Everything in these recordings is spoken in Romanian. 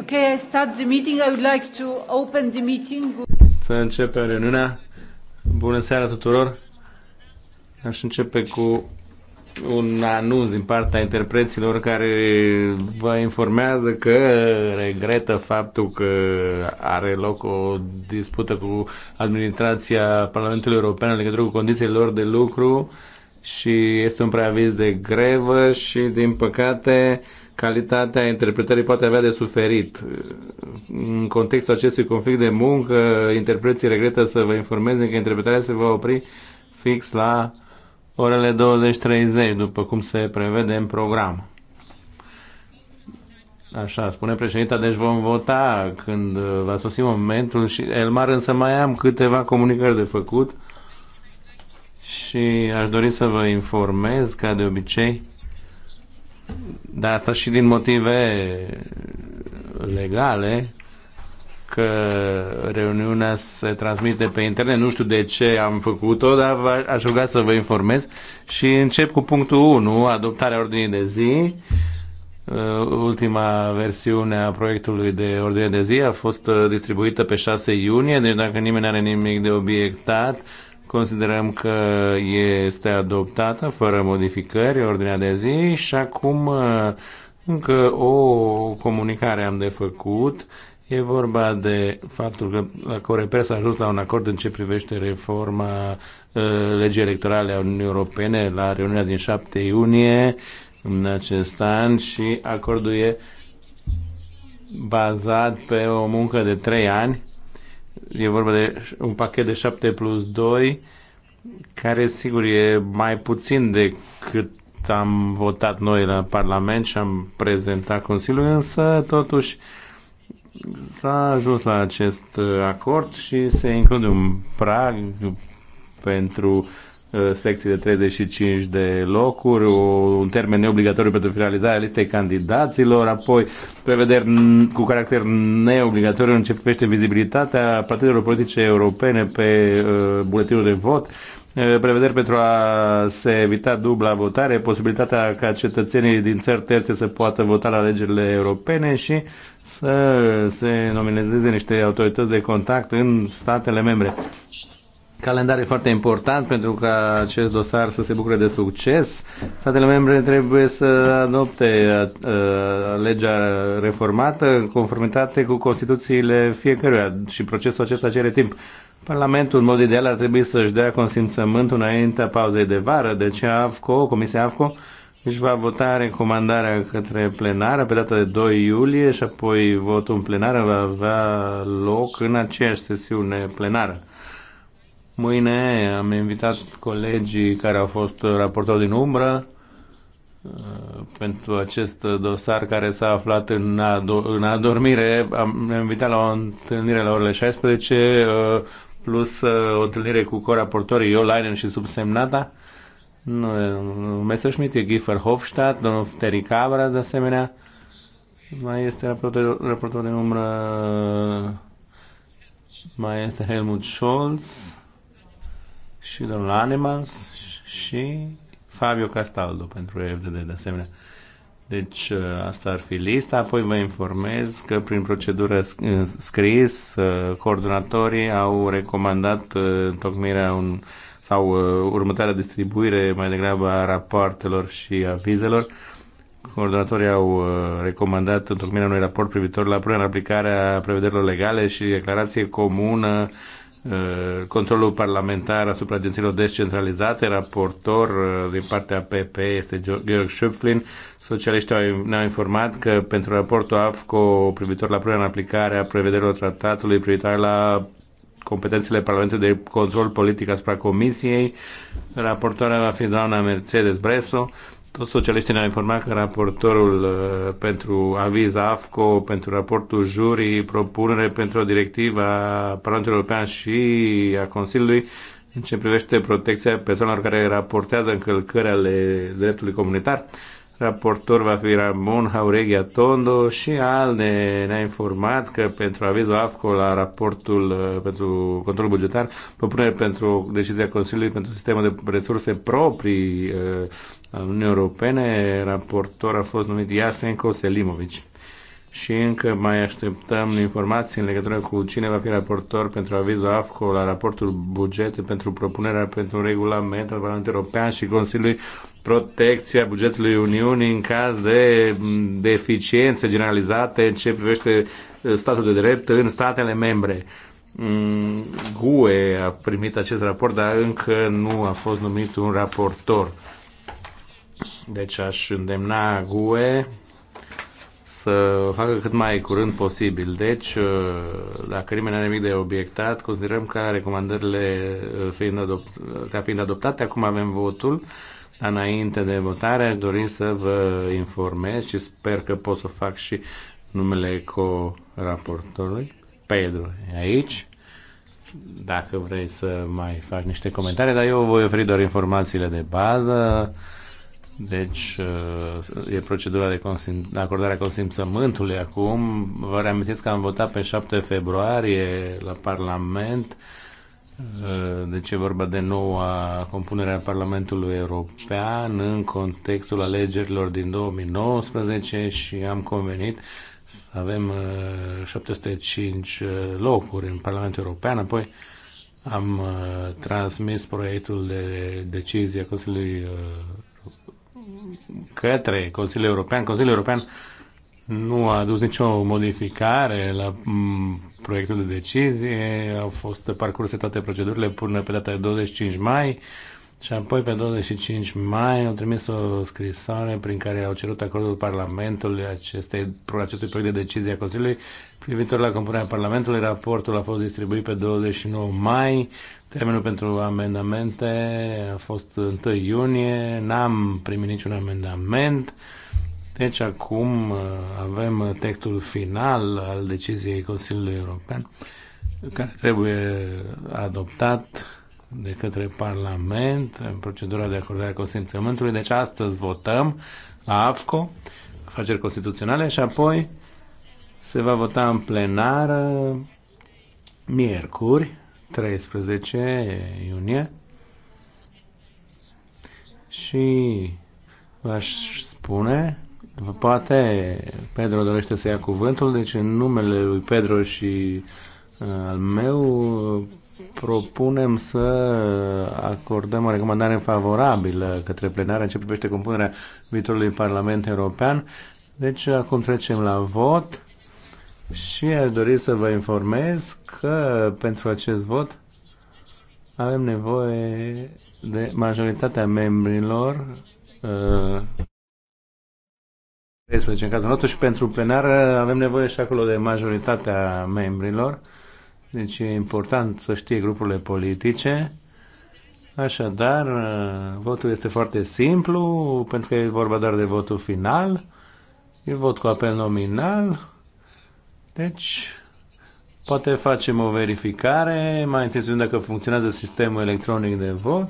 Okay, I start the meeting. I would like to open the meeting. Să începem reuniunea. Bună seara tuturor. Aș începe cu un anunț din partea interpreților care vă informează că regretă faptul că are loc o dispută cu administrația Parlamentului European în legătură cu condițiile lor de lucru și este un preaviz de grevă și din păcate calitatea interpretării poate avea de suferit. În contextul acestui conflict de muncă, interpreții regretă să vă informeze că interpretarea se va opri fix la orele 20-30, după cum se prevede în program. Așa, spune președinta, deci vom vota când va sosi momentul și Elmar însă mai am câteva comunicări de făcut și aș dori să vă informez, ca de obicei, dar asta și din motive legale, că reuniunea se transmite pe internet. Nu știu de ce am făcut-o, dar aș ruga să vă informez. Și încep cu punctul 1, adoptarea ordinii de zi. Uh, ultima versiune a proiectului de ordine de zi a fost uh, distribuită pe 6 iunie, deci dacă nimeni are nimic de obiectat, Considerăm că este adoptată fără modificări ordinea de zi și acum uh, încă o comunicare am de făcut. E vorba de faptul că la Coreper a ajuns la un acord în ce privește reforma uh, legii electorale a Uniunii Europene la reuniunea din 7 iunie în acest an și acordul e bazat pe o muncă de 3 ani E vorba de un pachet de 7 plus 2, care sigur e mai puțin decât am votat noi la Parlament și am prezentat Consiliul, însă totuși s-a ajuns la acest acord și se include un prag pentru secții de 35 de locuri, un termen neobligatoriu pentru finalizarea listei candidaților, apoi prevederi cu caracter neobligatoriu începește ce vizibilitatea partidelor politice europene pe uh, buletinul de vot, uh, prevederi pentru a se evita dubla votare, posibilitatea ca cetățenii din țări terțe să poată vota la alegerile europene și să se nominalizeze niște autorități de contact în statele membre calendar e foarte important pentru ca acest dosar să se bucure de succes. Statele membre trebuie să adopte uh, legea reformată în conformitate cu Constituțiile fiecăruia și procesul acesta cere timp. Parlamentul, în mod ideal, ar trebui să-și dea consimțământul înaintea pauzei de vară, deci AFCO, Comisia AFCO, își va vota recomandarea către plenară pe data de 2 iulie și apoi votul în plenară va avea loc în aceeași sesiune plenară. Mâine am invitat colegii care au fost raportori din umbră uh, pentru acest dosar care s-a aflat în, ado- în adormire. Am invitat la o întâlnire la orele 16 uh, plus uh, o întâlnire cu coraportorii Iolainen și subsemnata. Messerschmitt e Giffer Hofstadt, domnul Terry Cabra de asemenea. Mai este raportor, raportor de mai este Helmut Scholz și domnul Anemans și Fabio Castaldo pentru FDD de asemenea. Deci uh, asta ar fi lista, apoi vă informez că prin procedură uh, scris uh, coordonatorii au recomandat tocmirea un, sau următoarea distribuire mai degrabă a rapoartelor și avizelor. Coordonatorii au recomandat întocmirea unui raport privitor la punerea în aplicare a prevederilor legale și declarație comună Eh, controlul parlamentar asupra agențiilor descentralizate, raportor eh, din partea PP este Georg Schöpflin. Socialiștii ne-au informat că pentru raportul AFCO privitor la punerea în aplicare a prevederilor tratatului privitor la competențele Parlamentului de control politic asupra Comisiei, raportoarea va fi doamna Mercedes Bresso. Tot socialiștii ne-au informat că raportorul uh, pentru aviz AFCO, pentru raportul jurii, propunere pentru o directivă a Parlamentului European și a Consiliului în ce privește protecția persoanelor care raportează încălcări ale dreptului comunitar. Raportor va fi Ramon Haureghia Tondo și al ne-a informat că pentru avizul AFCO la raportul uh, pentru control bugetar, propunere pentru decizia Consiliului pentru sistemul de resurse proprii uh, al Uniunii Europene, raportor a fost numit Iasenko Selimovici și încă mai așteptăm informații în legătură cu cine va fi raportor pentru avizul AFCO la raportul buget pentru propunerea pentru un regulament al Parlamentului European și Consiliului protecția bugetului Uniunii în caz de deficiențe generalizate în ce privește uh, statul de drept în statele membre. Mm, GUE a primit acest raport, dar încă nu a fost numit un raportor. Deci aș îndemna GUE să o facă cât mai curând posibil. Deci, uh, dacă nimeni nu are nimic de obiectat, considerăm ca recomandările uh, fiind adopt- ca fiind adoptate. Acum avem votul. Înainte de votare, aș dori să vă informez și sper că pot să fac și numele co-raportorului. Pedro e aici. Dacă vrei să mai faci niște comentarii, dar eu voi oferi doar informațiile de bază. Deci uh, e procedura de consim- acordare a consimțământului acum. Vă reamintesc că am votat pe 7 februarie la Parlament. Uh, deci e vorba de noua compunere a Parlamentului European în contextul alegerilor din 2019 și am convenit să avem 705 uh, locuri în Parlamentul European, apoi am transmis proiectul de decizie a Consiliului către Consiliul European. Consiliul European nu a adus nicio modificare la proiectul de decizie, au fost parcurse toate procedurile până pe data de 25 mai și apoi, pe 25 mai, au trimis o scrisoare prin care au cerut acordul Parlamentului acestei, acestui proiect de decizie a Consiliului privitor la compunerea Parlamentului. Raportul a fost distribuit pe 29 mai. Termenul pentru amendamente a fost 1 iunie. N-am primit niciun amendament. Deci acum uh, avem textul final al deciziei Consiliului European care trebuie adoptat de către Parlament în procedura de acordare a consimțământului. Deci astăzi votăm la AFCO, afaceri constituționale, și apoi se va vota în plenară miercuri, 13 iunie. Și v-aș spune, poate Pedro dorește să ia cuvântul, deci în numele lui Pedro și uh, al meu propunem să acordăm o recomandare favorabilă către plenară în ce privește compunerea viitorului Parlament European. Deci acum trecem la vot și aș dori să vă informez că pentru acest vot avem nevoie de majoritatea membrilor 13 uh, în cazul nostru și pentru plenar avem nevoie și acolo de majoritatea membrilor deci e important să știe grupurile politice. Așadar, uh, votul este foarte simplu, pentru că e vorba doar de votul final. E vot cu apel nominal. Deci, poate facem o verificare, mai întâi dacă funcționează sistemul electronic de vot.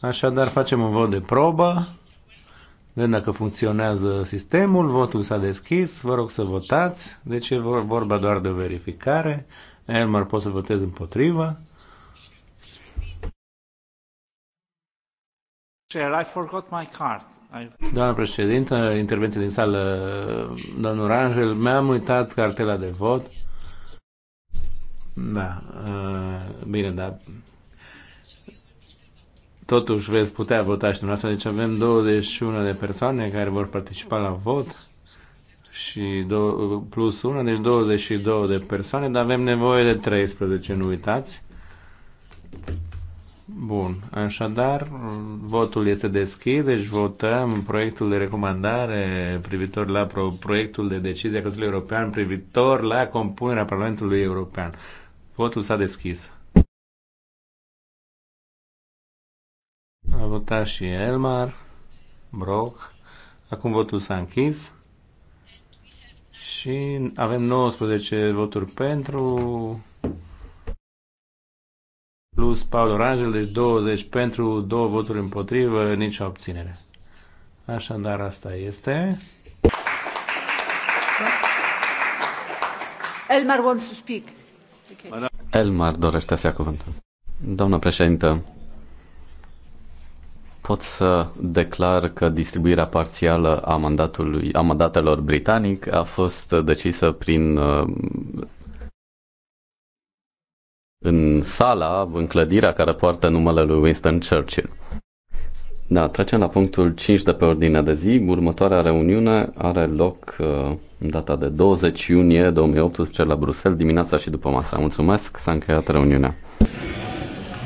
Așadar, facem un vot de probă. Vedem dacă funcționează sistemul, votul s-a deschis, vă rog să votați. Deci e vorba doar de verificare. Elmar, pot să votez împotriva. Chair, I forgot my card. Doamna președintă, intervenție din sală, domnul Rangel, mi-am uitat cartela de vot. Da, uh, bine, da. Totuși veți putea vota și dumneavoastră, deci avem 21 de persoane care vor participa la vot și do- plus 1, deci 22 de persoane, dar avem nevoie de 13, nu uitați. Bun, așadar, votul este deschis, deci votăm proiectul de recomandare privitor la pro- proiectul de decizie a Consiliului European privitor la compunerea Parlamentului European. Votul s-a deschis. votat și Elmar, Brock. Acum votul s-a închis. Și avem 19 voturi pentru, plus Paul Orangel, deci 20 pentru, două voturi împotrivă, nicio obținere. Așadar, asta este. Elmar wants to speak. Okay. Elmar dorește să ia cuvântul. Doamnă președintă, pot să declar că distribuirea parțială a mandatului, a mandatelor britanic a fost decisă prin uh, în sala, în clădirea care poartă numele lui Winston Churchill. Da, trecem la punctul 5 de pe ordinea de zi. Următoarea reuniune are loc uh, în data de 20 iunie 2018 la Bruxelles, dimineața și după masa. Mulțumesc, s-a încheiat reuniunea.